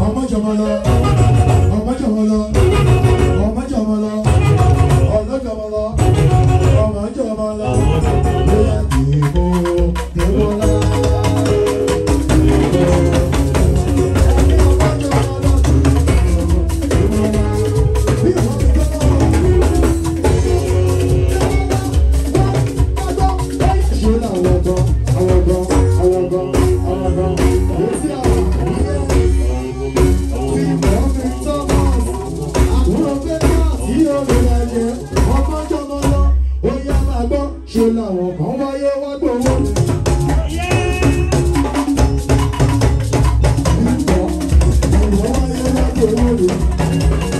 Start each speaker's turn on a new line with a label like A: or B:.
A: Mama Jamala, Mama Jamala. jẹ́ ọgbọ́n jọmọ lọ ó yá máa gbọ́ ṣe làwọn kan wáyé wá gbòòrò. Thank you.